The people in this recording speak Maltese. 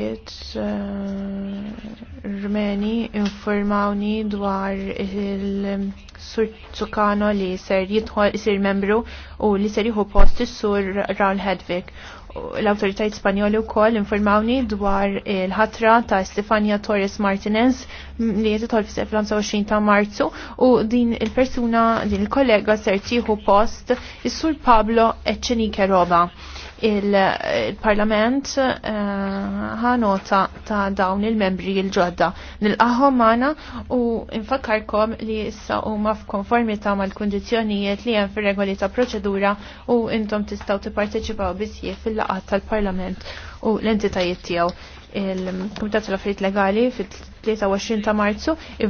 Uh, Rumeni informawni dwar il-sur um, Tsukano li ser jidħol isir membru u li ser jieħu post is-sur Raul Hedvig. L-autoritajt Spanjoli wkoll informawni dwar il-ħatra ta' Stefania Torres Martinez li jidħol fis-25 ta' Marzu u din il-persuna din il-kollega ser tieħu post is-sur Pablo Echenique Roba il-Parlament eh, ħanota ta' dawn il-membri il-ġodda nil-qaħom mana u infakkarkom li issa u ma' f'konformita ma' l-kondizjonijiet li jen fil-regoli ta' proċedura u intom tistaw tipparteċipaw bisje fil-laqat tal-Parlament u l-entitajiet tijaw il-Komitat tal-Affarijiet Legali fit-23 ta' Marzu